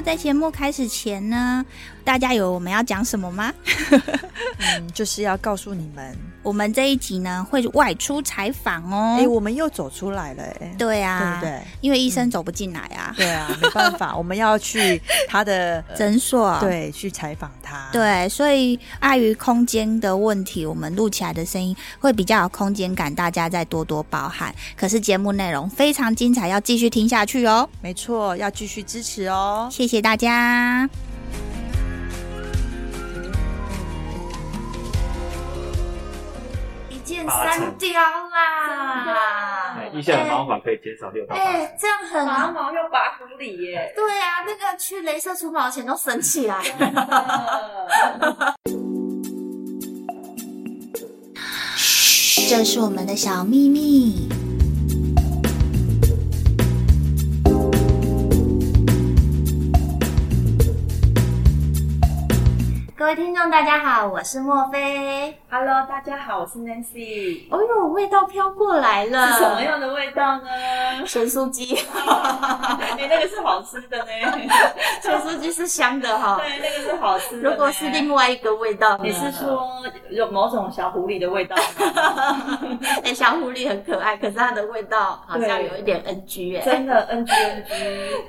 在節目開始前呢，大家有我們要講什麼嗎？ 嗯，就是要告訴你們，我們這一集呢會外出採訪哦。哎、欸，我們又走出來了、欸，對啊，對不對？因為醫生走不進來啊、嗯。對啊，沒辦法， 我們要去他的診 所，對，去採訪他。對，所以礙於空間的問題，我們錄起來的聲音會比較有空間感，大家再多多包涵。可是節目內容非常精彩，要繼續聽下去哦、喔。沒錯，要繼續支持哦、喔，謝。謝謝大家！一箭三雕啦、欸！一下很麻煩，可以減少六道疤。這樣很毛毛，要拔狐狸耶。對啊，那個去雷射除毛錢都省起來了。 這是我們的小秘密。各位聽眾大家好，我是莫菲。Hello，大家好，我是 Nancy。哦呦，味道飄過來了，是什麼樣的味道呢？香酥雞。你、 欸、那個是好吃的呢，酥 酥雞是香的哈、哦。對，那個是好吃的。如果是另外一個味道，你 是說有某種小狐狸的味道？哎、 欸，小狐狸很可愛，可是它的味道好像有一點 NG 哎，真的 NG NG，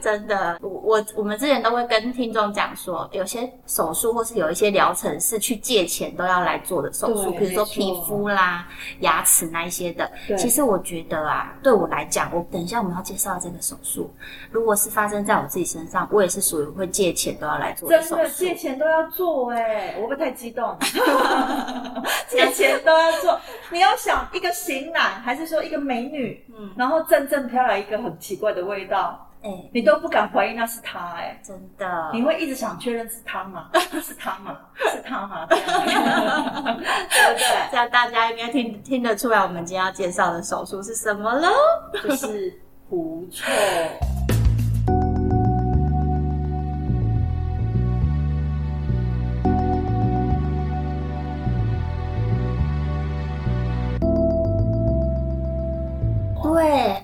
真的。我我我們之前都會跟聽眾講說，有些手術或是有一些。療程是去借錢都要來做的手術，比如說皮膚啦、牙齒那一些的。其實我覺得啊，對我來講，我等一下我們要介紹這個手術，如果是發生在我自己身上，我也是屬於會借錢都要來做手術。真的借錢都要做哎、欸，我會不會太激動？ 借錢都要做，你要想一個型男，還是說一個美女，嗯，然後陣陣飄來一個很奇怪的味道。欸、你都不敢懷疑那是他哎、欸，真的，你會一直想確認是他嗎？是他嗎？ 是他嗎？ 對不對，這樣大家應該聽聽得出來，我們今天要介紹的手術是什麼咯 就是狐臭。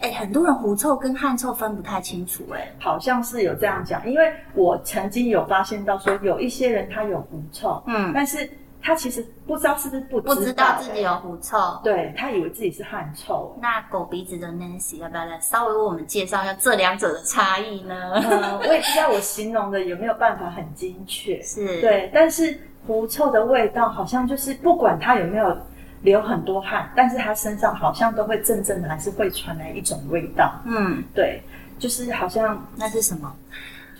欸，很多人狐臭跟汗臭分不太清楚欸。哎，好像是有這樣講，因為我曾經有發現到說，有一些人他有狐臭，嗯，但是他其實不知道是不是不知道，欸，不知道自己有狐臭。對，他以為自己是汗臭。那狗鼻子的 Nancy 要不要來稍微為我們介紹一下這兩者的差異呢？嗯，我也不知道我形容的有沒有辦法很精確，是。對，但是狐臭的味道好像就是不管他有沒有。流很多汗，但是他身上好像都會陣陣的，還是會傳來一種味道。嗯，對，就是好像那是什麼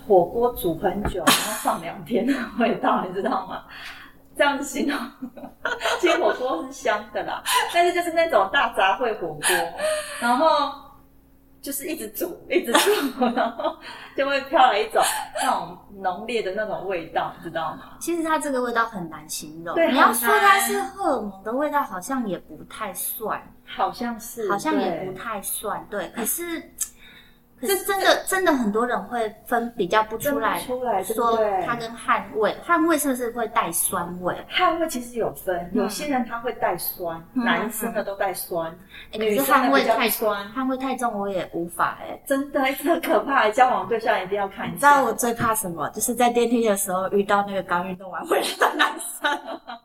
火鍋煮很久，然後放兩天的味道，你知道嗎？這樣子形容。其實火鍋是香的啦，但是就是那種大雜燴火鍋，然後。就是一直煮，一直煮， 然後就會飄來一種那種濃烈的那種味道， 知道嗎？其實它這個味道很難形容。對，你要說它是荷爾蒙的味道，好像也不太算。好像是。好像也不太算，對。可是。 這真的真的很多人會分比較不出來，說他跟汗味，汗味是不是會帶酸味？汗味其實有分，有、嗯、些人他會帶酸，嗯、男的酸、嗯、生的都帶酸，你、欸，是汗味太酸，汗味太重我也無法哎、欸，真的這可怕，交 往對象一定要看一下。你知道我最怕什麼？就是在電梯的時候遇到那個剛運動完回來的男生。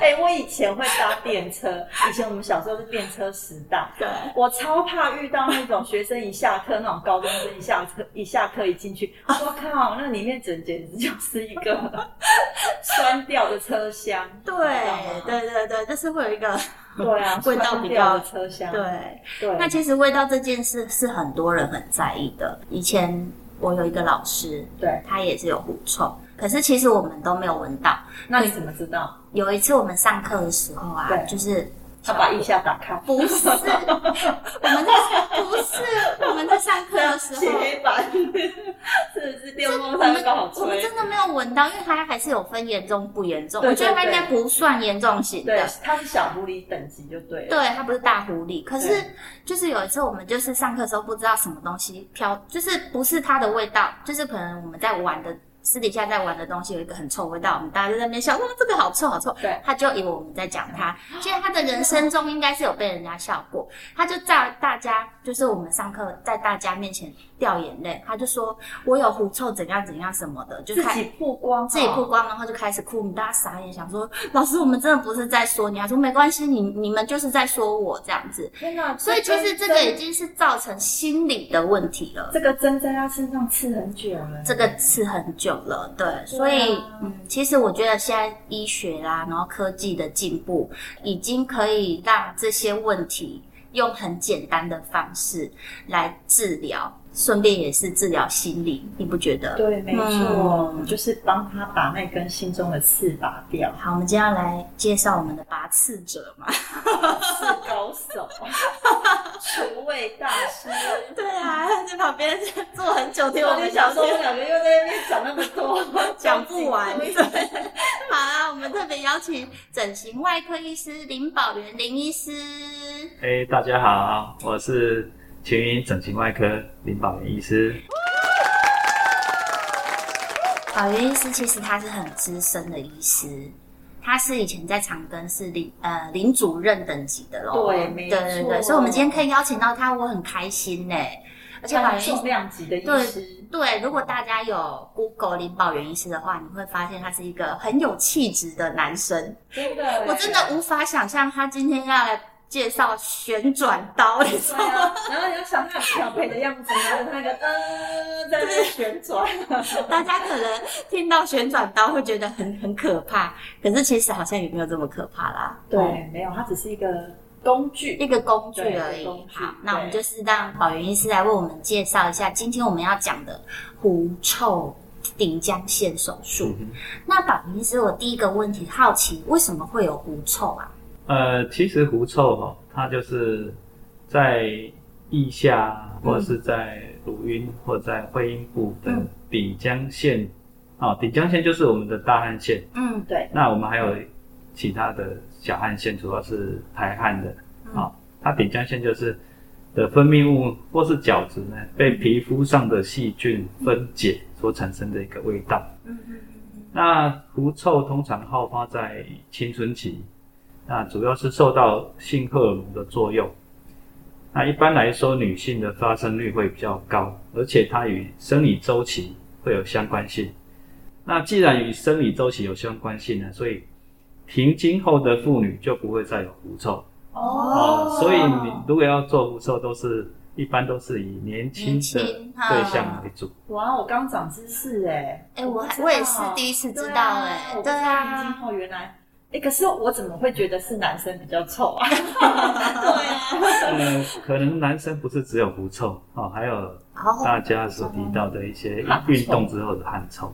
哎、欸，我以前會搭電車， 以前我們小時候是電車時代。對，我超怕遇到那種學生一下課， 那種高中生一下課一下課一進去，我 靠，那裡面整簡直就是一個酸掉的車廂。對對對對，但是會有一個對、啊、味道比較的車廂。對對，對，那其實味道這件事是很多人很在意的。以前我有一個老師，嗯、對，他也是有狐臭。可是其實我們都沒有聞到，那你怎麼知道？有一次我們上課的時候啊，就是他把腋下打開不、 那個，不是，我們在不是我們在上課的時候寫黑板，真 的是，不是電風扇那個好吹我們，我們真的沒有聞到，因為它還是有分嚴重不嚴重。對對對，我覺得它應該不算嚴重型的，它是小狐狸等級就對了，對，它不是大狐狸。可是就是有一次我們就是上課的時候，不知道什麼東西飄，就是不是它的味道，就是可能我們在玩的。私底下在玩的東西，有一個很臭味道，我們大家就在那邊笑，說、嗯、這個好臭，好臭！對，他就以為我們在講他。其實他的人生中應該是有被人家笑過，他就在大家就是我們上課在大家面前掉眼淚，他就說我有狐臭，怎樣怎樣什麼的，就開始自己曝光、哦，自己曝光然後就開始哭，我們大家傻眼，想說老師我們真的不是在說你啊，他說沒關係，你你們就是在說我這樣子。真的、啊這個，所以其實這個已經是造成心理的問題了。這個針在他身上刺很久了，這個刺很久。對，所以，啊，嗯，其實我覺得現在醫學啦，啊，然後科技的進步，已經可以讓這些問題用很簡單的方式來治療。順便也是治療心理，你不覺得？對，沒錯、嗯，就是幫他把那根心中的刺拔掉。好，我們接下來介紹我們的拔刺者嘛，是高手，除 味 大師。對啊，在旁邊坐很久，聽、嗯、我們小聲，我們兩個又在那邊講那麼多，講 不完。 好啊，我們特別邀請整形外科醫師林寶源林，林醫師。誒、欸、大家好，我是。奇云整形外科林寶源醫師，寶、啊、源醫師其實他是很資深的醫師，他是以前在長庚是林、呃、林主任等級的咯。對，沒錯、對、對，所以我們今天可以邀請到他，我很開心呢。而且寶源是重量級的醫師。對。對，如果大家有 Google 林寶源醫師的話，你會發現他是一個很有氣質的男生。真對的對對，我真的無法想象他今天要來。介紹旋轉刀，嗯、你知道嗎？嗯啊、然後你要想象小佩的樣子， 然那個呃，在那邊旋轉。 大家可能聽到旋轉刀會覺得很很可怕，可是其實好像也沒有這麼可怕啦。對，對沒有，它只是一個工具，一個工具而已。好，那我們就是讓寶源醫師來為我們介紹一下今天我們要講的狐臭頂漿腺手術。嗯、那寶源醫師，我第一個問題，好奇為什麼會有狐臭啊？呃，其實狐臭哦，它就是在腋下，或者是在乳暈，嗯，或者在會陰部的頂漿腺啊。頂、嗯哦、漿腺就是我們的大汗腺。嗯，對。那我們還有其他的小汗腺，主要是排汗的啊、嗯哦。它頂漿腺就是的分泌物，嗯、或是角質呢，被皮膚上的細菌分解所產生的一個味道。嗯嗯嗯。那狐臭通常好發在青春期。那主要是受到性荷爾蒙的作用。那一般來說，女性的發生率會比較高，而且它與生理週期會有相關性。那既然與生理週期有相關性呢、嗯，所以停經後的婦女就不會再有狐臭哦、啊。所以你如果要做狐臭，都是一般都是以年輕的年輕對象為主。哇，我剛長知識哎！哎、欸，我我也是第一次知道哎，對啊。對啊，我停經後原來。欸、可是我怎麼會覺得是男生比較臭啊？ 對啊、嗯。可能男生不是只有狐臭哦，還有大家所提到的一些運動之後的汗臭，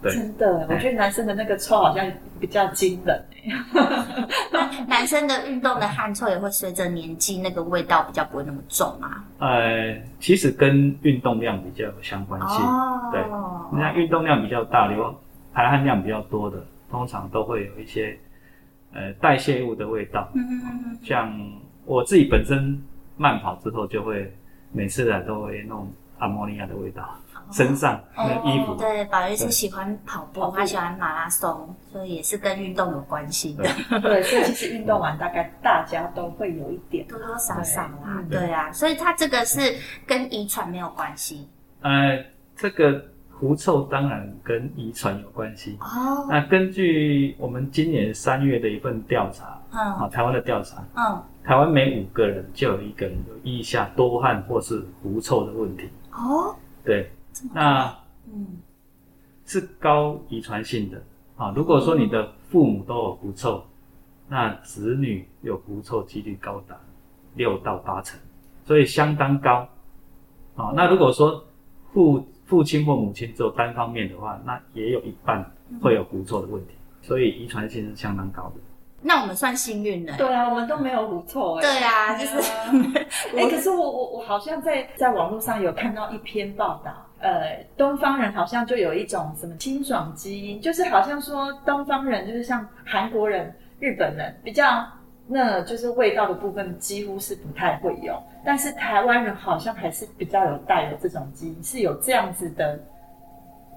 對。真的，我覺得男生的那個臭好像比較驚人、欸。 男生的運動的汗臭也會隨着年紀， 那個味道比較不會那麼重啊。呃、嗯，其實跟運動量比較有相關性。哦。對，你運動量比較大，如果排汗量比較多的，通常都會有一些。呃，代謝物的味道，嗯嗯嗯，像我自己本身慢跑之後，就會每次啊都會弄阿摩尼亞的味道，嗯，身上，哦，沒衣服。對，寶源是喜歡跑步，還喜歡馬拉松，所以也是跟運動有關係的。對， 對，所以其實運動完大概大家都會有一點，多多少少啦。對啊，所以他這個是跟遺傳沒有關係。呃這個。狐臭當然跟遺傳有關係、哦、那根據我們今年三月的一份調查，嗯、台灣的調查，嗯、台灣每五個人就有一個人有腋下多汗或是狐臭的問題。哦、對、那、嗯、是高遺傳性的、啊、如果說你的父母都有狐臭、嗯，那子女有狐臭幾率高達六到八成，所以相當高、啊嗯、那如果說父父親或母親只有單方面的話，那也有一半會有狐臭的問題、嗯，所以遺傳性是相當高的。那我們算幸運呢？對啊，我們都沒有狐臭哎。對啊，就、嗯、是。哎、呃 欸，可是我我我好像在在網絡上有看到一篇報道，呃，東方人好像就有一種什麼清爽基因，就是好像說東方人就是像韓國人、日本人比較。那就是味道的部分幾乎是不太會有，但是台灣人好像還是比較有帶有這種基因，是有這樣子的，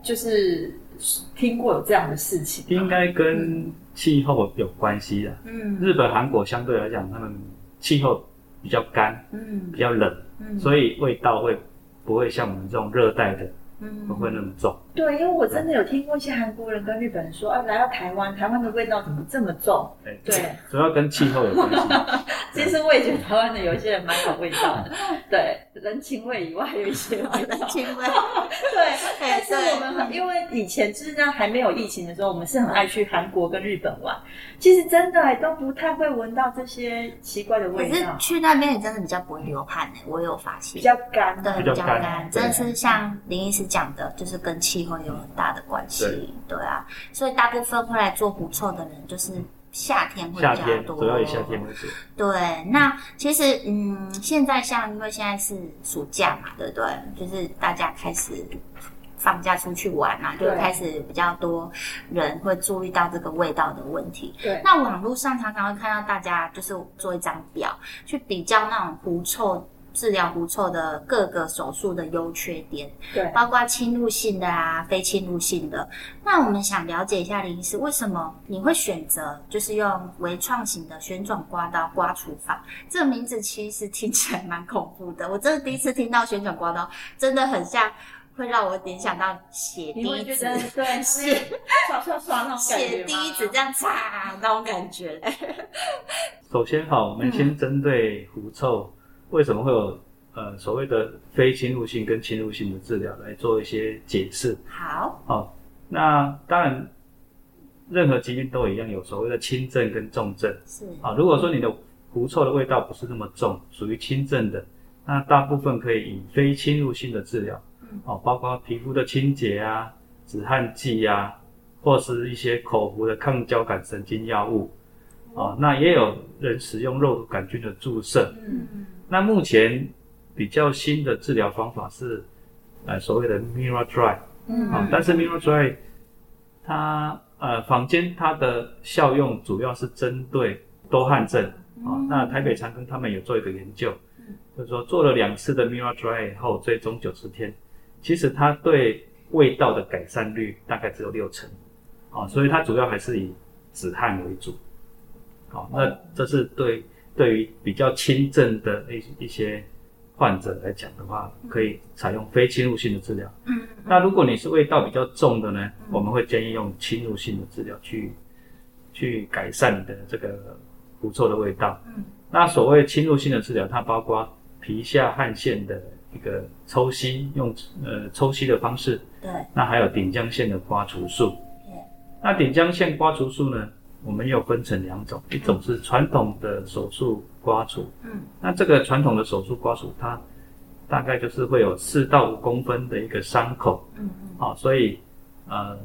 就是聽過有這樣的事情。應該跟氣候有關係的。嗯，日本、韓國相對來講，他們氣候比較乾，嗯，比較冷，嗯，所以味道會不會像我們這種熱帶的？不會那麼重、嗯，對，因為我真的有聽過一些韓國人跟日本人說，哎、啊，來到台灣，台灣的味道怎麼這麼重？對，主要跟氣候有關係。 其實我也覺得台灣的有些人蠻有味道的，對， 人情味以外還有一些味道，哦。人情味，哦、對。但是我們很、嗯、因為以前就是在還沒有疫情的時候，我們是很愛去韓國跟日本玩。其實真的都不太會聞到這些奇怪的味道。可是去那邊也真的比較不會流汗呢，欸，我有發現，啊，比較乾，對，比較乾，真的是像林醫師講的就是跟氣候有很大的關係。對，對啊，所以大部分會來做狐臭的人，就是夏天會比較多，主要以夏天會多。對，那其實嗯，現在像因為現在是暑假嘛，對不對？就是大家開始放假出去玩嘛、啊，就開始比較多人會注意到這個味道的問題。對，那網絡上常常會看到大家就是做一張表去比較那種狐臭，治療狐臭的各個手術的優缺點，對，包括侵入性的啊，非侵入性的。那我們想了解一下林醫師，為什麼你會選擇就是用微創型的旋轉刮刀刮除法？這個名字其實聽起來蠻恐怖的。我真的第一次聽到旋轉刮刀，真的很像會讓我聯想到血滴子，嗯、對，是刷刷刷的那種感覺，是，爽不爽哦？血滴子這樣擦那種感覺。首先好，我們先針對狐臭。嗯為什麼會有呃所謂的非侵入性跟侵入性的治療來做一些解釋？好，哦，那當然，任何疾病都一樣，有所謂的輕症跟重症。是啊，哦，如果說你的狐臭的味道不是那麼重，屬於輕症的，那大部分可以以非侵入性的治療，嗯，哦，包括皮膚的清潔啊、止汗劑啊，或是一些口服的抗交感神經藥物，嗯，哦，那也有人使用肉毒桿菌的注射。嗯那目前比較新的治療方法是，呃，所謂的 Miradry 啊、嗯哦，但是 Miradry 它呃坊間，它的效用主要是針對多汗症啊、哦嗯。那台北長庚他們有做一個研究，就是說做了兩次的 Miradry 以後，追蹤九十天，其實它對味道的改善率大概只有六成啊、哦，所以它主要還是以止汗為主。好、哦，那這是對。對於比較輕症的一一些患者來講的話，可以採用非侵入性的治療。嗯，那如果你是味道比較重的呢，嗯、我們會建議用侵入性的治療去、嗯、去改善你的這個狐臭的味道。嗯，那所謂侵入性的治療，它包括皮下汗腺的一個抽吸，用呃抽吸的方式。對。那還有頂漿腺的刮除術。對。那頂漿腺刮除術呢？我們又分成兩種，一種是傳統的手術刮除，嗯，那這個傳統的手術刮除，它大概就是會有四到五公分的一個傷口，嗯嗯，啊，所以呃，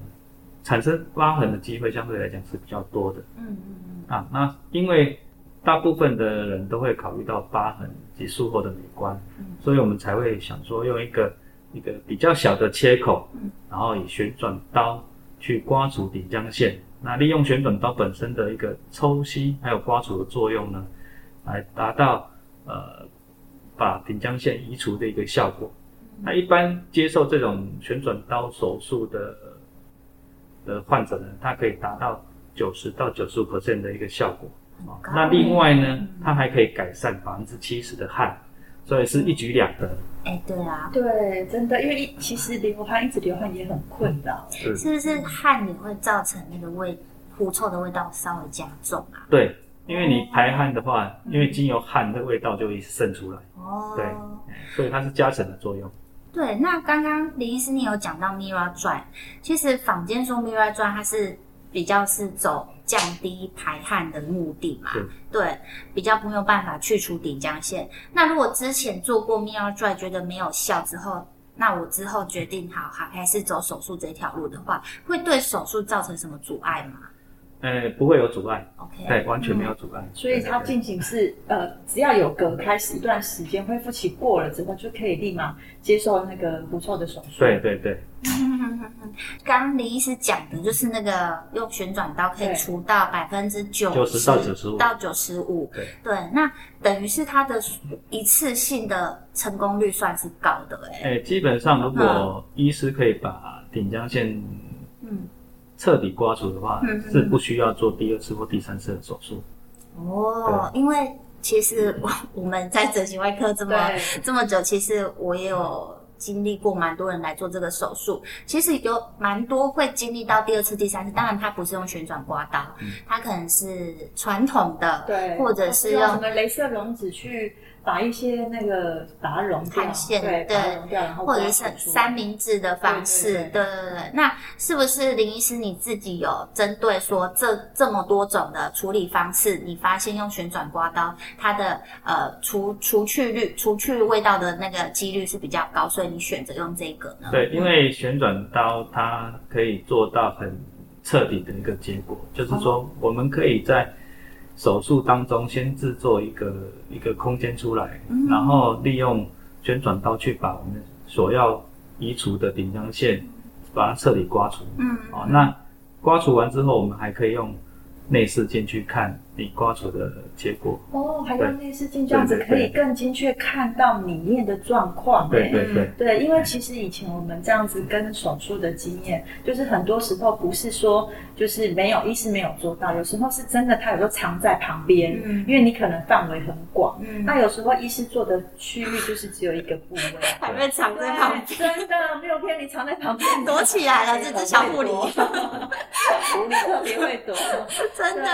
產生疤痕的機會相對來講是比較多的，嗯嗯，嗯，啊，那因為大部分的人都會考慮到疤痕及術後的美觀，嗯，所以我們才會想說用一個一個比較小的切口，嗯，然後以旋轉刀去刮除頂漿腺。那利用旋轉刀本身的一個抽吸還有刮除的作用呢，來達到呃把頂漿腺移除的一個效果。嗯、那一般接受這種旋轉刀手術的的患者呢，他可以達到九十到九十五%的一個效果。Okay. 那另外呢，它還可以改善百分之七十的汗，所以是一舉兩得。嗯哎、欸，對啊，對，真的，因為一其實流汗，一直流汗也很困擾，嗯，是不是汗也會造成那個味狐臭的味道稍微加重啊？對，因為你排汗的話，嗯、因為經由汗的味道就會滲出來，哦、嗯，對，所以它是加成的作用。對，那剛剛林醫師你有講到 miraDry，其實坊間說 miraDry 它是比較是走降低排汗的目的嘛、嗯？對，比較沒有辦法去除頂漿腺。那如果之前做過 Miradry，覺得沒有效之後，那我之後決定好好還是走手術這條路的話，會對手術造成什麼阻礙嗎？呃，不會有阻礙，okay, 對，完全沒有阻礙、嗯。所以它進行是，呃，只要有隔開，一段時間恢復期過了之後，就可以立馬接受那個狐臭的手術。對對對。剛剛 林醫師講的就是那個用旋轉刀可以除到百分之九十到九十五到九十五，對、就是、到 95, 到 95, 對,對,對，那等於是它的一次性的成功率算是高的哎、欸。哎、欸，基本上如果醫師可以把頂漿腺。徹底刮除的話，是不需要做第二次或第三次的手術。哦，因為其實我我們在整形外科這麼 這麼久，其實我也有經歷過蠻多人來做這個手術。其實有蠻多會經歷到第二次、第三次，當然它不是用旋轉刮刀，它可能是傳統的，對、嗯，或者是用什麼雷射溶脂去。把一些那個打它溶掉，汗腺，對對，或者是三明治的方式，對對對，對。那是不是林醫師你自己有針對說這這麼多種的處理方式，你發現用旋轉刮刀，它的呃除除去率、除去味道的那個幾率是比較高，所以你選擇用這個呢？對，因為旋轉刀它可以做到很徹底的一個結果，嗯，就是說我們可以在。手術當中，先制作一個一個空間出來，然後利用旋轉刀去把我們所要移除的頂漿腺，把它徹底刮除。嗯，哦，那刮除完之後，我們還可以用內視鏡去看。你刮除的結果哦，oh, 還有內視鏡這樣子可以更精確看到裡面的狀況，欸。對對，對對對，因為其實以前我們這樣子跟手術的經驗，就是很多時候不是說就是沒有醫師沒有做到，有時候是真的他有時候藏在旁邊，對對對，因為你可能範圍很廣，對對對，那有時候醫師做的區域就是只有一個部位，還會藏在旁邊，真的沒有騙你，藏在旁邊躲起來了，這隻小狐狸，小狐狸 特別會躲， 真的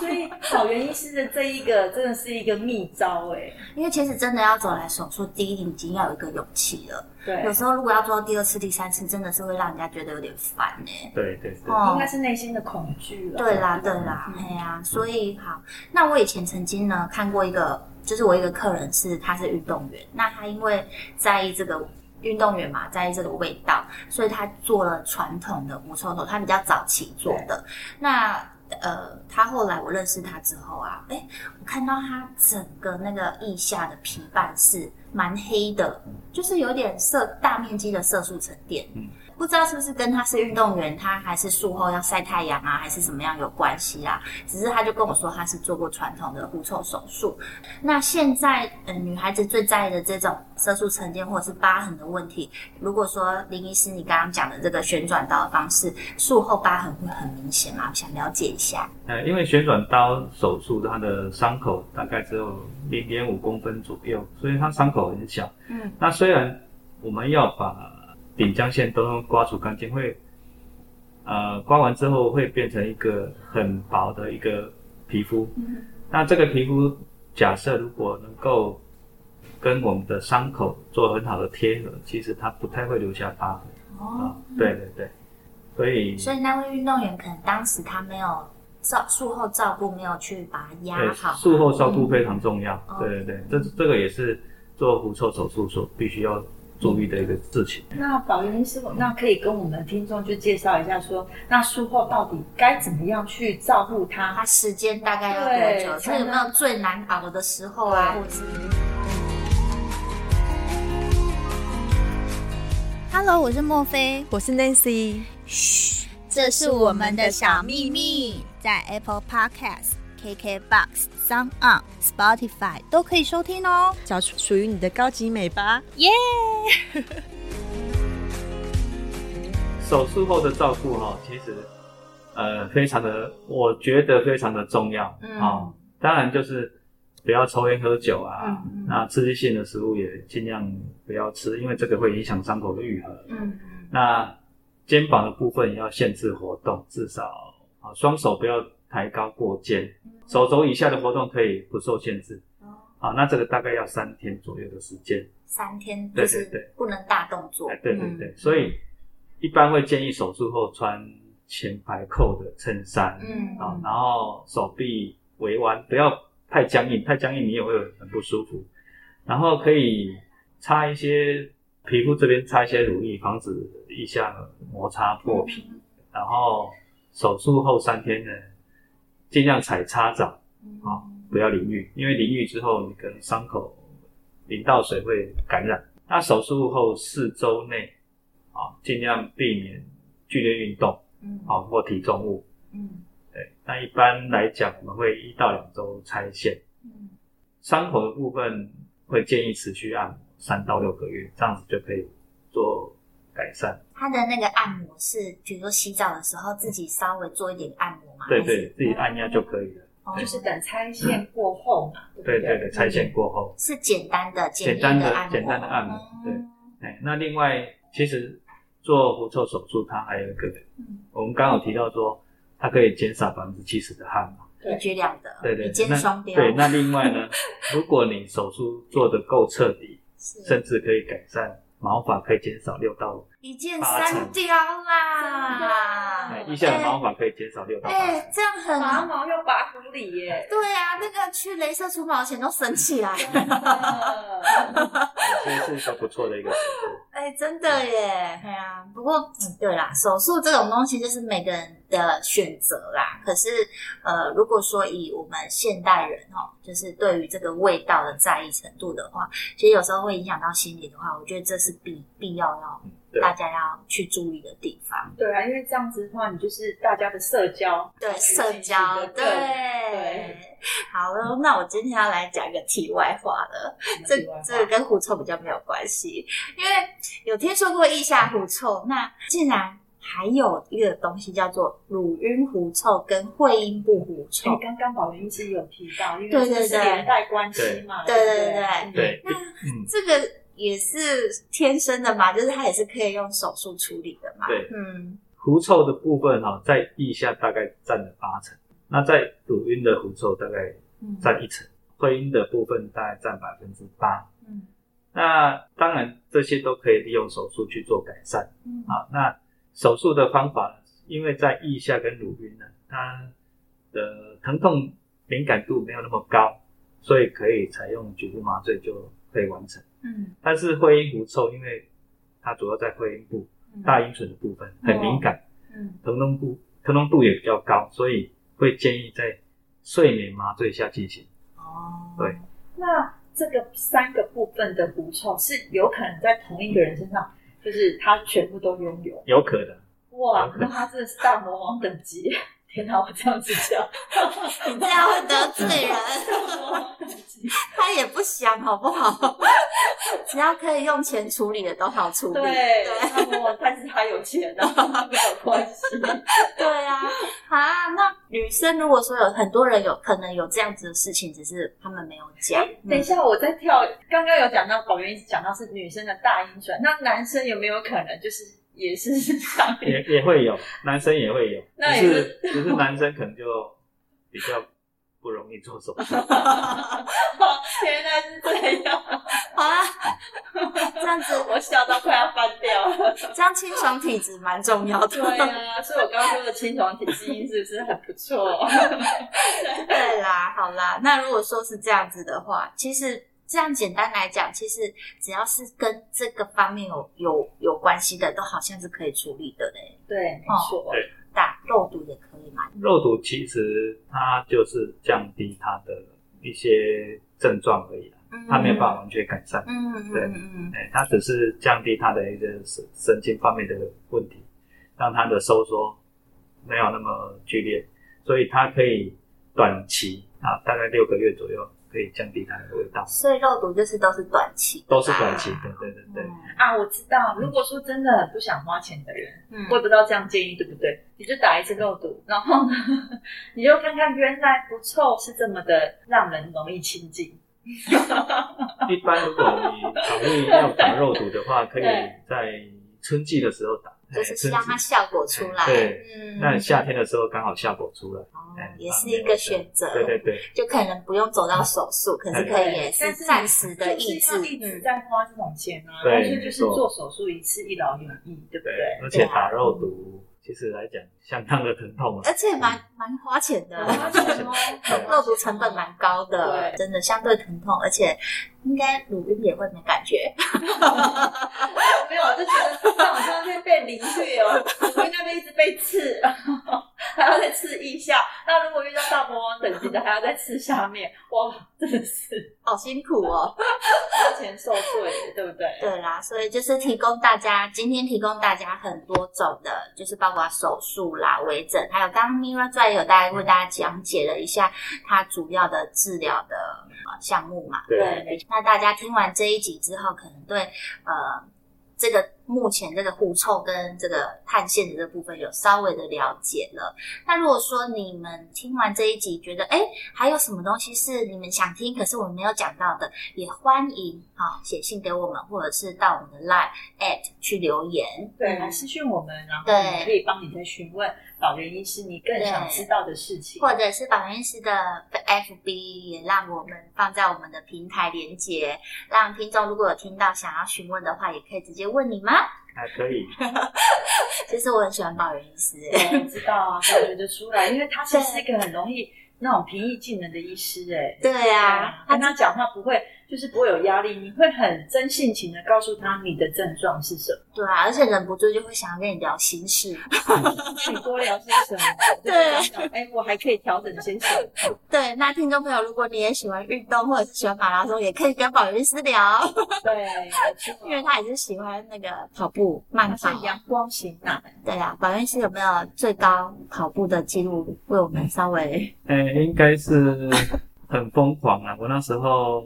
對，所以。好，原因是這一個真的是一個秘招哎、欸，因為其實真的要走來手術，說，第一你已經要有一個勇氣了。對，有時候如果要做到第二次、第三次，真的是會讓人家覺得有點煩哎、欸。對對對，嗯、應該是內心的恐懼了。對啦對啦，哎呀、嗯啊啊，所以好，那我以前曾經呢看過一個，就是我一個客人是他是運動員，那他因為在意這個運動員嘛，在意這個味道，所以他做了傳統的無臭頭，他比較早期做的那。呃，他後來我認識他之後啊，誒，我看到他整個那個腋下的皮瓣是蠻黑的，就是有點色，大面積的色素沉澱。不知道是不是跟他是運動員，他還是術後要曬太陽啊，還是什麼樣有關係啊？只是他就跟我說他是做過傳統的狐臭手術。那現在，嗯、呃，女孩子最在意的這種色素沉澱或者是疤痕的問題，如果說林醫師你剛剛講的這個旋轉刀的方式，術後疤痕會很明顯嗎、啊？我想了解一下。呃，因為旋轉刀手術它的傷口大概只有零點五公分左右，所以它傷口很小。嗯，那雖然我們要把頂漿腺都能刮除乾淨，會，呃，刮完之後會變成一個很薄的一個皮膚、嗯。那這個皮膚假設如果能夠跟我們的傷口做很好的貼合，其實它不太會留下疤痕。哦，嗯、對對對，所以所以那位運動員可能當時他沒有照術後照顧，沒有去把它壓好。術後照顧非常重要、嗯。對對對，這這個也是做狐臭手術所必須要。作弊的一個事情。那寶源醫師，那可以跟我們的聽眾去介紹一下說，說那術後到底該怎麼樣去照顧他？他時間大概要多久？他有沒有最難熬的時候啊、嗯、？Hello 我是莫菲，我是 Nancy。噓，這是我們的小祕密，在 Apple Podcast KK Box、KKBox。啊，Spotify 都可以收聽哦，找屬於你的高級美吧，耶、yeah! 手術後的照顧哈，其實呃，非常的，我覺得非常的重要啊、嗯哦。當然就是不要抽煙喝酒啊，嗯、那刺激性的食物也儘量不要吃，因為這個會影響傷口的癒合。嗯，那肩膀的部分也要限制活動，至少啊，雙手不要抬高過肩。手肘以下的活動可以不受限制。好、哦啊，那這個大概要三天左右的時間。三天。就是、對對對。不能大動作。啊、對對對、嗯。所以一般會建議手術後穿前排扣的襯衫。嗯。啊，然後手臂圍彎，不要太僵硬，太僵硬你也會很不舒服。然後可以擦一些皮膚這邊擦一些乳液，防止一下摩擦破皮。嗯、然後手術後三天呢，盡量踩擦澡，啊、嗯哦，不要淋浴，因為淋浴之後你可能傷口淋到水會感染。那手術後四周內，啊、哦，盡量避免劇烈運動，嗯，啊、哦，或提重物，嗯，對。那一般來講，我們會一到兩週拆線，嗯，傷口的部分會建議持續按摩三到六個月，這樣子就可以做改善。他的那個按摩是，比如說洗澡的時候自己稍微做一點按摩。對對，自己按壓就可以了。嗯哦、就是等拆線過後、嗯。對對對，拆線過後。是簡單的，簡單的簡單的按摩，按摩嗯、對。哎，那另外，其實做狐臭手術，它還有一個，我們剛好提到說，嗯、它可以減少百分之七十的汗嘛，一舉兩得。對對，對，對，對，對，一箭雙雕。對， 那另外呢，如果你手術做得夠徹底，甚至可以改善毛髮，可以減少六到五。一箭三雕啦！一下方毛可以減少六到、欸、這樣很毛毛又拔狐狸耶。對啊，那個去鐳射除毛錢都省起來了。哈這是一個不錯的一個。哎、 嗯嗯嗯，真的耶！哎、嗯、呀、啊，不過嗯，對啦，手術這種東西就是每個人的選擇啦。可是呃，如果說以我們現代人哦、喔，就是對於這個味道的在意程度的話，其實有時候會影響到心理的話，我覺得這是必必要要。大家要去注意的地方。對啊，因為這樣子的話，你就是大家的社交的。對社交。對。對對好了、嗯，那我今天要來講一個題外話了、嗯，這這個、跟狐臭比較沒有關係，因為有聽說過腋下狐臭、嗯，那竟然還有一個東西叫做乳暈狐臭跟會陰部狐臭。剛剛寶源醫師有提到，因為、嗯、是連帶關係嘛，對對對對、對、對、對、嗯、對。那這個。嗯也是天生的嘛，就是它也是可以用手術處理的嘛。對，嗯，狐臭的部分哈、哦，在腋下大概佔了八成，那在乳暈的狐臭大概佔一成，會、嗯、陰的部分大概佔百分之八。嗯，那當然這些都可以利用手術去做改善。啊、嗯，那手術的方法，因為在腋下跟乳暈呢、啊，它的疼痛敏感度沒有那麼高，所以可以採用局部麻醉就可以完成。嗯，但是會陰狐臭，因為它主要在會陰部、大陰唇的部分很敏感，哦、嗯，疼痛部疼痛度也比較高，所以會建議在睡眠麻醉下進行。哦，對。那這個三個部分的狐臭是有可能在同一個人身上，就是他全部都擁有？有可能。哇，啊、那他真的是大魔王等級！ 天哪，我這樣子笑，你這樣會得罪人。 他也不想好不好？只要可以用錢處理的都好處理，對，但是他有錢的，然後，他沒有關係。 對啊，啊，那女生如果說有很多人有可能有這樣子的事情，只是他們沒有講、嗯。等一下，我在跳，剛剛有講到寶源，一直講到是女生的大陰雄，那男生有沒有可能就是也是，也也會有，男生也會有，那也是只是只是男生可能就比較。 不容易做手術、 哦。天吶，是這樣。好啊， 這樣子，我笑到快要翻掉了。這樣清爽體質蠻重要的。 對啊，所以我剛剛說的清爽體質是不是很不錯、哦？ 對啦，好啦，那如果說是這樣子的話，其實這樣簡單來講，其實只要是跟這個方面有有有關係的，都好像是可以處理的嘞。對，沒錯，哦、對打肉毒也可以。肉毒其實它就是降低它的一些症狀而已啊，它沒有辦法完全改善，嗯，對，它只是降低它的一個神神經方面的問題，讓它的收縮沒有那麼劇烈，所以它可以短期啊，大概六個月左右。可以降低它的味道，所以肉毒就是都是短期，都是短期，啊、對對對對、嗯。啊，我知道，如果說真的很不想花錢的人，嗯、會不知道這樣建議對不對？你就打一次肉毒，然後呢呵呵，你就看看原來不臭是這麼的讓人容易親近。 一般如果你考慮要打肉毒的話，可以在春季的時候打。就是讓它效果出來。對，對嗯、那你夏天的時候剛好效果出來，哦、欸，也是一個選擇。對，對對對，就可能不用走到手術、嗯，可是可以暫時的意思。就是、一直在花這種錢啊，但是就是做手術一次一勞永逸，對不對，對？而且打肉毒、嗯、其實來講。相當的疼痛，而且蠻蠻花、嗯、花錢的，哈哈，肉毒成本蠻高的，嗯、對，真的相對疼痛，而且應該乳暈也會沒感覺， 沒有，我就覺得好像我正在被淋浴哦，乳暈那邊一直被刺，還要再刺一下，那如果遇到大魔王等級的，還要再刺下面，哇，真的是好辛苦哦、喔，花錢受罪，對不對、啊？對啦，所以就是提供大家，今天提供大家很多種的，就是包括手術啦。啦為準，還有剛剛 miraDry 也有大概為大家講解了一下它主要的治療的項目嘛。對，對，對，對，那大家聽完這一集之後，可能對呃這個。目前這個狐臭跟這個汗腺的這部分有稍微的了解了。那如果說你們聽完這一集，覺得哎，還有什麼東西是你們想聽可是我們沒有講到的，也歡迎啊寫信給我們，或者是到我們的 Line@ 去留言，對、嗯、來私訊我們，然後我們可以幫你再詢問寶源醫師你更想知道的事情，或者是寶源醫師的 FB，也讓我們放在我們的平台連結，讓聽眾如果有聽到想要詢問的話，也可以直接問你嗎？還、啊、可以。 其實我很喜歡寶源醫師、欸， 知道啊，感覺得出來，因為他其實是一個很容易那種平易近人的醫師、欸，哎，對啊，嗯、他跟他講話不會。就是不會有壓力，你會很真性情的告訴他你的症狀是什麼。對啊，而且忍不住就會想要跟你聊心事， 你多聊些什麼？ 對，哎，我還可以調整心事。對，那聽眾朋友，如果你也喜歡運動或者是喜歡馬拉松， 也可以跟寶源師聊。對， 因為他也是喜歡那個跑步 慢跑，陽光型男、啊。 對啊，寶源師有沒有最高跑步的記錄？為我們稍微，哎、欸，應該是很瘋狂啊。 我那時候。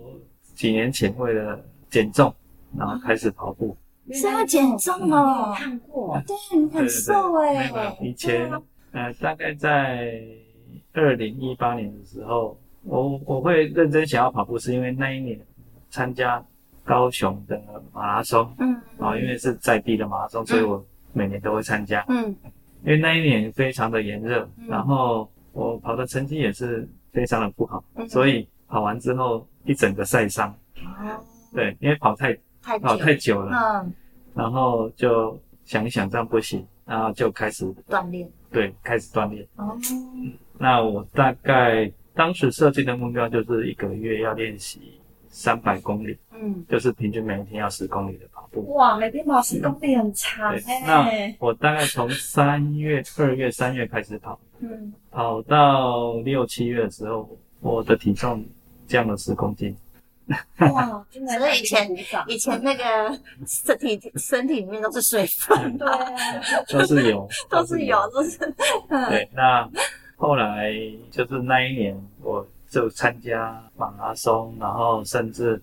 幾年前為了減重，然後開始跑步，啊、是要減重哦。嗯、看過，啊、對你很瘦哎、欸。以前、啊，呃，大概在二零一八年的時候，我我會認真想要跑步，是因為那一年參加高雄的馬拉松，嗯，啊，因為是在地的馬拉松，所以我每年都會參加，嗯，因為那一年非常的炎熱，然後我跑的成績也是非常的不好，所以跑完之後。一整個曬傷，啊，對，因為跑太太跑太久了，嗯，然後就想一想這樣不行，然後就開始鍛鍊，對，開始鍛鍊。哦，嗯，那我大概當時設計的目標就是一個月要練習三百公里，嗯，就是平均每一天要十公里，嗯，就是十公里的跑步。哇，每天跑十公里很長，那我大概從三月、二 月、三月開始跑，嗯，跑到六七月的時候，我的體重，降了十公斤。 哇，真的以前以前那個身體身體裡面都是水分、啊 對，都是油，都是油，都是有。對，那後來就是那一年，我就參加馬拉松，然後甚至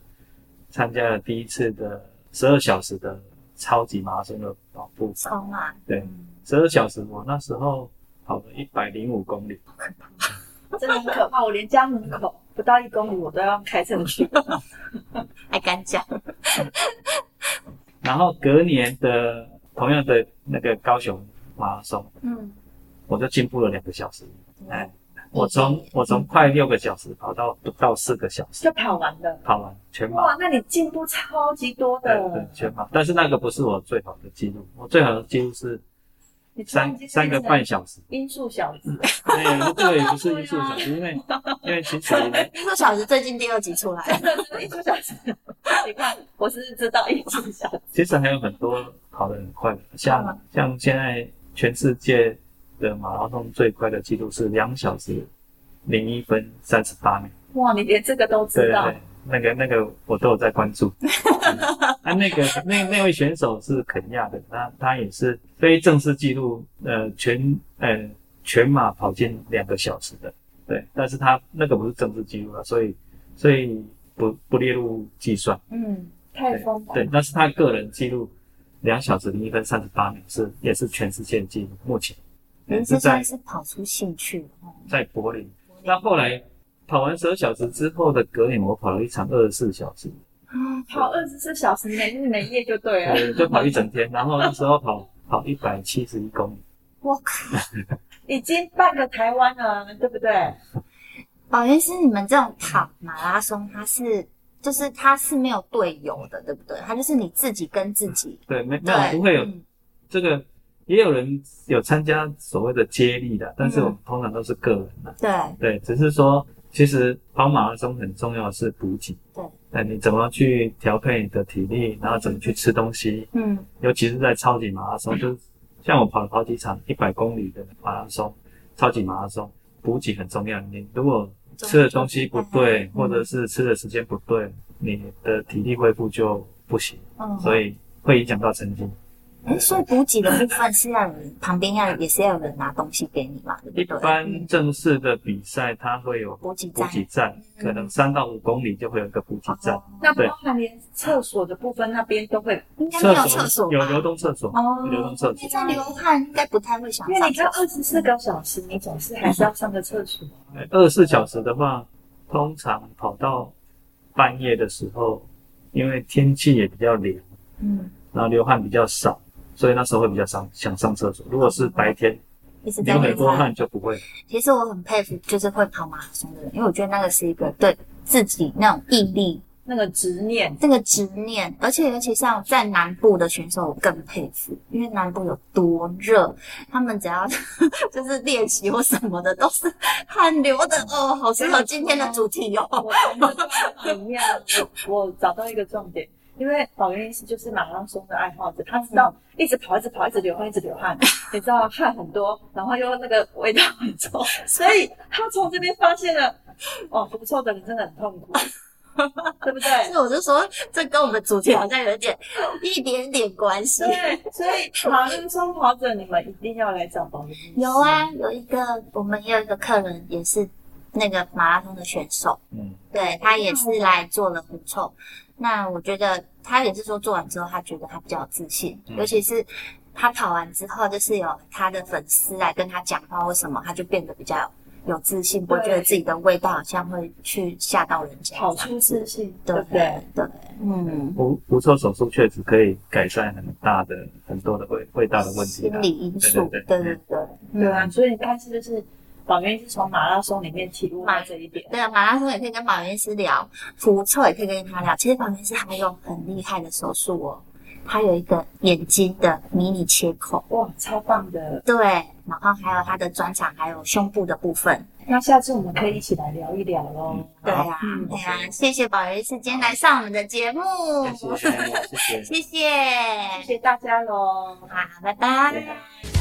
參加了第一次的十二小時的超級馬拉松的跑步。超慢，對，十二小時我那時候跑了一百零五公里。 真的很可怕，我連家門口不到一公里，我都要開上去。還敢講？然後隔年的同樣的那個高雄馬拉松，嗯，我就進步了兩個小時。哎、嗯嗯，我從我從快六個小時跑到不、嗯、到四個小時，就跑完了，跑完全馬。哇，那你進步超級多的、哦。對，對，全馬。但是那個不是我最好的記錄，我最好的記錄是。三三個半小時，音速小子，嗯，對，不對，不是音速小子，啊，因為因為其實音速小子最近第二集出來了，音速小子，你看我是知道音速小子，其實還有很多跑得很快的，像，嗯，像現在全世界的馬拉松最快的記錄是兩小時零一分三十八秒，哇，你連這個都知道。對那個那個我都有在關注， 啊，那個那那位選手是肯亞的，他他也是非正式記錄，呃，全呃全馬跑進兩個小時的，對，但是他那個不是正式記錄了、啊，所以所以不不列入計算，嗯，太瘋狂，對，但是他個人記錄兩小時零一分三十八秒是也是全世界記錄目前，人是在跑出興趣，在柏林，柏林，那後來。跑完十二小時之後的隔離我跑了一場二十四小時。嗯、跑二十四小時， 沒日沒夜就對了對。就跑一整天，然後那時候跑 跑一百七十一公里。我靠， 已經半個台灣了，對不對？寶、嗯、源師，你們這種跑馬拉松，它是就是它是沒有隊友的，對不對？它就是你自己跟自己。嗯、對，沒有不會有、嗯、這個，也有人有參加所謂的接力的、嗯，但是我們通常都是個人的。對對，只是說。其實跑馬拉松很重要的是補給。對。那你怎麼去調配你的體力，然後怎麼去吃東西？嗯。尤其是在超級馬拉松，嗯、就像我跑了好幾場一百公里的馬拉松、超級馬拉松，補給很重要。你如果吃的東西不對，重重或者是吃的時間不對、嗯，你的體力恢復就不行。嗯。所以會影響到成績。哎、嗯，所以補給的部分是讓你旁邊要也是要有人拿東西給你嘛？對對，一般正式的比賽，它會有補給站，補給站可能三到五公里就會有一個補給站。嗯、那包含連廁所的部分，那邊都會，應該沒有廁所，廁所有流動廁所哦，有流動廁所哦，有流動廁所。那你在流汗應該不太會想上廁所，因為你只有二十四個小時，你總是還是要上個廁所。二十四小時的話，通常跑到半夜的時候，因為天氣也比較涼，嗯，然後流汗比較少。所以那時候會比較想、想上廁所。如果是白天，一、嗯、你沒多汗，就不會。其實我很佩服，就是會跑馬拉松的人，因為我覺得那個是一個對自己那種毅力、那個執念、那、這個執念。而且尤其像在南部的選手，我更佩服，因為南部有多熱，他們只要就是練習或什麼的，都是汗流的、嗯、哦。好，說到今天的主題哦，奇、嗯、妙、哦，我 我、我找到一個重點。因為寶源醫師就是馬拉松的愛好者，他知道一直跑一直跑一直流汗一直流汗，流汗 你知道汗很多，然後又那個味道很臭，所以他從這邊發現了，哇，不臭的人真的很痛苦， 對不對？所以我就說，這跟我們主題好像有一點一點點關係。 對，所以馬拉松跑者 你們一定要來找寶源醫師。有啊，有一個我們有一個客人也是那個馬拉松的選手，嗯，對他也是來做了不臭。嗯嗯那我覺得他也是說做完之後，他覺得他比較有自信，嗯、尤其是他跑完之後，就是有他的粉絲來跟他講話或什麼，他就變得比較有自信，我覺得自己的味道好像會去嚇到人家，跑出自信，對對 okay, 對,對,對，嗯，不不做手術確實可以改善很大的很多的味味道的問題、啊，心理因素，對對對，對,對,對,對啊、嗯，所以但是就是。寶源醫師從馬拉松裡面起步慢這一點，對啊，馬拉松也可以跟寶源醫師聊，狐臭也可以跟他聊。其實寶源醫師還有很厲害的手術哦，他有一個眼睛的迷你切口，哇，超棒的。對，然後還有他的專長，還有胸部的部分。那下次我們可以一起來聊一聊嘍，嗯。對啊，嗯，對啊，謝謝寶源醫師今天來上我們的節目，啊，謝謝，謝謝，謝謝，謝謝大家嘍，好，拜拜。